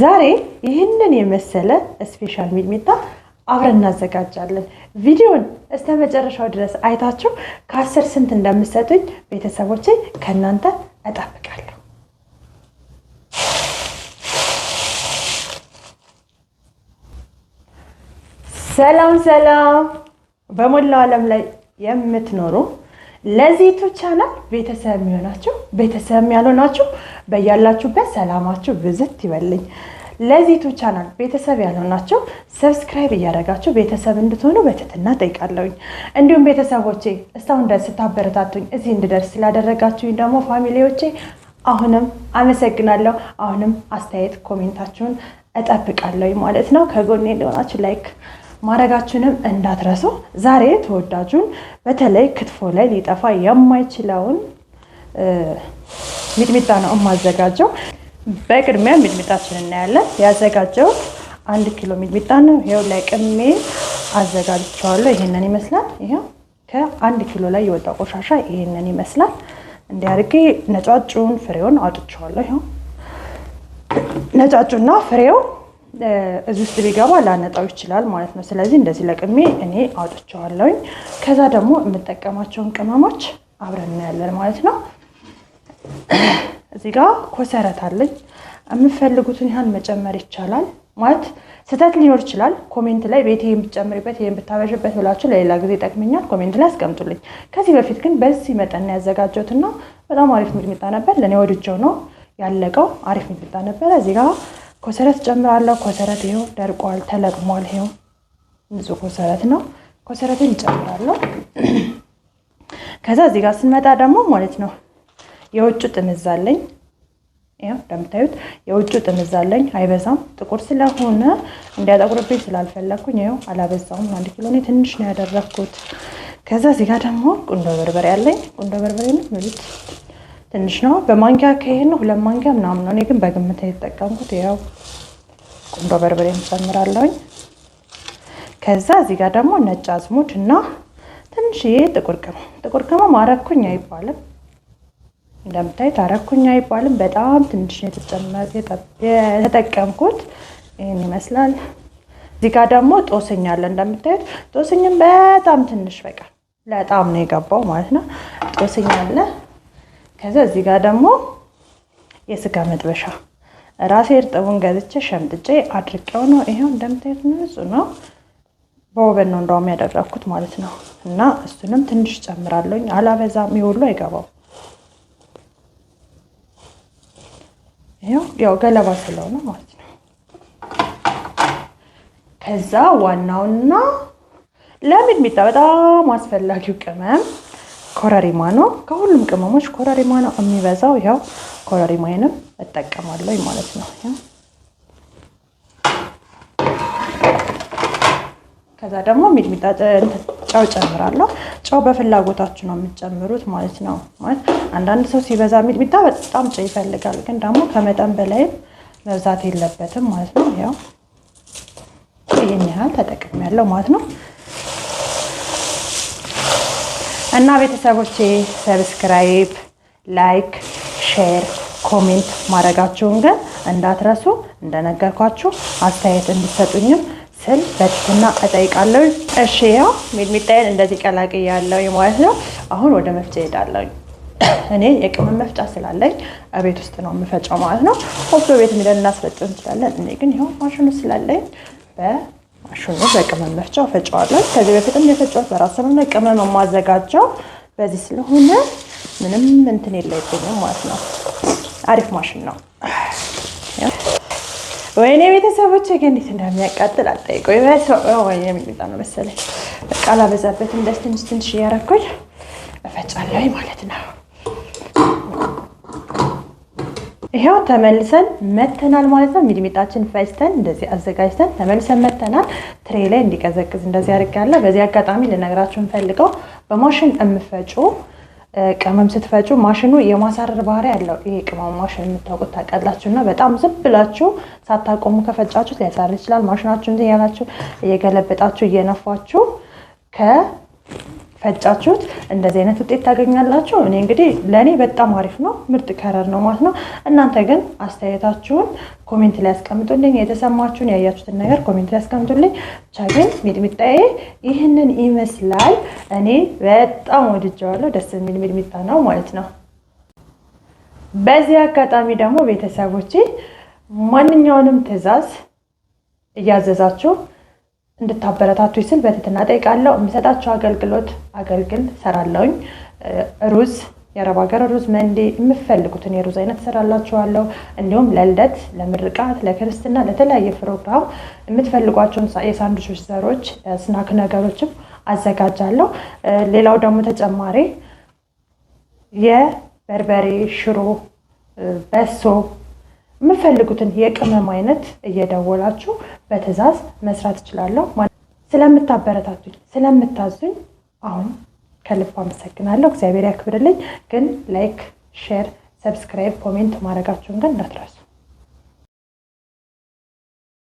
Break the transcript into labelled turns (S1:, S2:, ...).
S1: ዛሬ ይህንን የመሰለ ስፔሻል ሚጥሚጣ አብረን እናዘጋጃለን። ቪዲዮን እስከ መጨረሻው ድረስ አይታችሁ ከአስር ስንት እንደምሰጡኝ ቤተሰቦቼ ከእናንተ እጠብቃለሁ። ሰላም ሰላም፣ በሞላው ዓለም ላይ የምትኖሩ ለዚህ ዩቱብ ቻናል ቤተሰብ የሚሆናችሁ ቤተሰብ ያልሆናችሁ በያላችሁበት ሰላማችሁ ብዝት ይበልኝ። ለዚህ ዩቱብ ቻናል ቤተሰብ ያልሆናችሁ ሰብስክራይብ እያደረጋችሁ ቤተሰብ እንድትሆኑ በትህትና ጠይቃለሁኝ። እንዲሁም ቤተሰቦቼ እስካሁን ድረስ ስታበረታቱኝ እዚህ እንድደርስ ስላደረጋችሁኝ ደግሞ ፋሚሊዎቼ አሁንም አመሰግናለሁ። አሁንም አስተያየት ኮሜንታችሁን እጠብቃለሁኝ ማለት ነው። ከጎኔ እንደሆናችሁ ላይክ ማድረጋችንም እንዳትረሱ። ዛሬ ተወዳጁን በተለይ ክትፎ ላይ ሊጠፋ የማይችለውን ሚጥሚጣ ነው የማዘጋጀው። በቅድሚያ ሚጥሚጣችን እናያለን። ያዘጋጀው አንድ ኪሎ ሚጥሚጣ ነው። ይኸው ለቅሜ አዘጋጅቸዋለሁ። ይህንን ይመስላል። ይኸው ከአንድ ኪሎ ላይ የወጣው ቆሻሻ ይሄንን ይመስላል። እንዲያርጌ ነጫጩን ፍሬውን አውጥቸዋለሁ። ይኸው ነጫጩና ፍሬው እዚህ ውስጥ ቢገባ ላነጣው ይችላል ማለት ነው። ስለዚህ እንደዚህ ለቅሜ እኔ አውጥቸዋለሁኝ። ከዛ ደግሞ የምጠቀማቸውን ቅመሞች አብረን እናያለን ማለት ነው። እዚህ ጋር ኮሰረት አለኝ። የምፈልጉትን ያህል መጨመር ይቻላል ማለት ስህተት ሊኖር ይችላል። ኮሜንት ላይ ቤት ይሄን ብትጨምሪበት ይሄን ብታበዥበት ብላችሁ ለሌላ ጊዜ ይጠቅመኛል ኮሜንት ላይ አስቀምጡልኝ። ከዚህ በፊት ግን በዚህ መጠን ያዘጋጀሁትና በጣም አሪፍ ሚጥሚጣ ነበር። ለእኔ ወድጀው ነው ያለቀው። አሪፍ ሚጥሚጣ ነበረ። እዚህ ጋር ኮሰረት ጨምራለሁ። ኮሰረት ይኸው ደርቋል፣ ተለቅሟል። ይኸው ንጹህ ኮሰረት ነው። ኮሰረትን ጨምራለሁ። ከዛ እዚህ ጋር ስንመጣ ደግሞ ማለት ነው የውጭ ጥምዝ አለኝ። ይኸው እንደምታዩት የውጭ ጥምዝ አለኝ። አይበዛም፣ ጥቁር ስለሆነ እንዲያጠቁርብኝ ስላልፈለግኩኝ ይኸው አላበዛውም። አንድ ኪሎ እኔ ትንሽ ነው ያደረግኩት። ከዛ እዚህ ጋር ደግሞ ቁንዶ በርበሬ አለኝ። ቁንዶ በርበሬ ነው ትንሽ ነው። በማንኪያ ከሄድ ነው ሁለት ማንኪያ ምናምን ነው። እኔ ግን በግምት የተጠቀምኩት ያው ቁንዶ በርበሬ እንጨምራለሁኝ። ከዛ እዚህ ጋር ደግሞ ነጭ አዝሙድ እና ይሄ ጥቁር ቅመም። ጥቁር ቅመም አረኩኝ አይባልም፣ እንደምታዩት አረኩኝ አይባልም። በጣም ትንሽ የተጠቀምኩት ይህን ይመስላል። እዚህ ጋር ደግሞ ጦስኝ አለ እንደምታዩት። ጦስኝም በጣም ትንሽ በቃ ለጣም ነው የገባው ማለት ነው። ጦስኝ አለ ከዛ እዚህ ጋር ደግሞ የስጋ መጥበሻ ራሴ እርጥቡን ገዝቼ ሸምጥጬ አድርቄው ነው። ይሄው እንደምታዩት ንጹህ ነው። በወበን ነው እንደውም ያደረኩት ማለት ነው። እና እሱንም ትንሽ ጨምራለኝ፣ አላበዛም። ይሁሉ አይገባው ይሄው ያው ገለባ ስለሆነ ማለት ነው። ከዛ ዋናውና ለሚጥሚጣ በጣም አስፈላጊው ቅመም ኮረሪማ ነው። ከሁሉም ቅመሞች ኮረሪማ ነው የሚበዛው። ያው ኮረሪማዬንም እጠቀማለሁ ማለት ነው። ከዛ ደግሞ ሚጥሚጣ ጨው ጨምራለሁ። ጨው በፍላጎታችሁ ነው የምትጨምሩት ማለት ነው። ማለት አንዳንድ ሰው ሲበዛ ሚጥሚጣ በጣም ጨው ይፈልጋል፣ ግን ደግሞ ከመጠን በላይም መብዛት የለበትም ማለት ነው። ያው ይህን ያህል ተጠቅሜያለሁ ማለት ነው። እና ቤተሰቦቼ ሰብስክራይብ፣ ላይክ፣ ሼር፣ ኮሜንት ማድረጋችሁን ግን እንዳትረሱ። እንደነገርኳችሁ አስተያየት እንድሰጡኝም ስል በትትና እጠይቃለሁ። እሺ ያው ሚጥሚጣዬን እንደዚህ ቀላቅያለሁ ማለት ነው። አሁን ወደ መፍጫ እሄዳለሁ። እኔ የቅመም መፍጫ ስላለኝ ቤት ውስጥ ነው የምፈጫው ማለት ነው። ወፍጮ ቤት ሄደን እናስፈጭ እንችላለን። እኔ ግን ይኸው ማሽኑ ስላለኝ ሽኑ በቅመም መፍጫ ፈጫዋለሁ። ከዚህ በፊትም እንደፈጫሁት በራሱ ነው ቅመም የማዘጋጀው። በዚህ ስለሆነ ምንም እንትን የለብኝም ማለት ነው። አሪፍ ማሽን ነው። ወይኔ ቤተሰቦች ግን እንዴት እንደሚያቃጥል አጠይቀው ወይኔ የሚጣ ነው መሰለኝ። በቃ ላበዛበትም ደስ ትንሽ ትንሽ እያረኩኝ እፈጫለሁ ማለት ነው። ይሄው ተመልሰን መተናል ማለት ነው። ሚጥሚጣችን ፈጭተን እንደዚህ አዘጋጅተን ተመልሰን መተናል። ትሬ ላይ እንዲቀዘቅዝ እንደዚህ አድርጋለሁ። በዚህ አጋጣሚ ልነግራችሁ እንፈልገው በማሽን የምፈጩ ቅመም ስትፈጩ ማሽኑ የማሳረር ባህሪ ያለው ይሄ ቅመሙ ማሽን የምታውቁት ታውቃላችሁ። እና በጣም ዝም ብላችሁ ሳታቆሙ ከፈጫችሁት ሊያሳርር ይችላል። ማሽናችሁን ያላችሁ እየገለበጣችሁ እየነፏችሁ ከ ፈጫችሁት እንደዚህ አይነት ውጤት ታገኛላችሁ። እኔ እንግዲህ ለእኔ በጣም አሪፍ ነው፣ ምርጥ ከረር ነው ማለት ነው። እናንተ ግን አስተያየታችሁን ኮሜንት ላይ ያስቀምጡልኝ። የተሰማችሁን ያያችሁትን ነገር ኮሜንት ላይ ያስቀምጡልኝ። ብቻ ግን ሚጥሚጣዬ ይህንን ይመስላል። እኔ በጣም ወድጀዋለሁ። ደስ የሚል ሚጥሚጣ ነው ማለት ነው። በዚህ አጋጣሚ ደግሞ ቤተሰቦቼ ማንኛውንም ትዕዛዝ እያዘዛችሁ እንድታበረታቱ ስል በትህትና ጠይቃለሁ። የሚሰጣቸው አገልግሎት አገልግል ሰራለውኝ። ሩዝ የአረብ ሀገር ሩዝ መንዴ የምፈልጉትን የሩዝ አይነት ሰራላችኋለሁ። እንዲሁም ለልደት፣ ለምርቃት፣ ለክርስትና፣ ለተለያየ ፕሮግራም የምትፈልጓቸውን የሳንዱቾች ዘሮች፣ ስናክ ነገሮችም አዘጋጃለሁ። ሌላው ደግሞ ተጨማሪ የበርበሬ ሽሮ፣ በሶ የምፈልጉትን የቅመም አይነት እየደወላችሁ በትዕዛዝ መስራት እችላለሁ። ስለምታበረታቱኝ፣ ስለምታዙኝ አሁን ከልብ አመሰግናለሁ። እግዚአብሔር ያክብርልኝ። ግን ላይክ፣ ሼር፣ ሰብስክራይብ፣ ኮሜንት ማድረጋችሁን ግን እንዳትረሱ።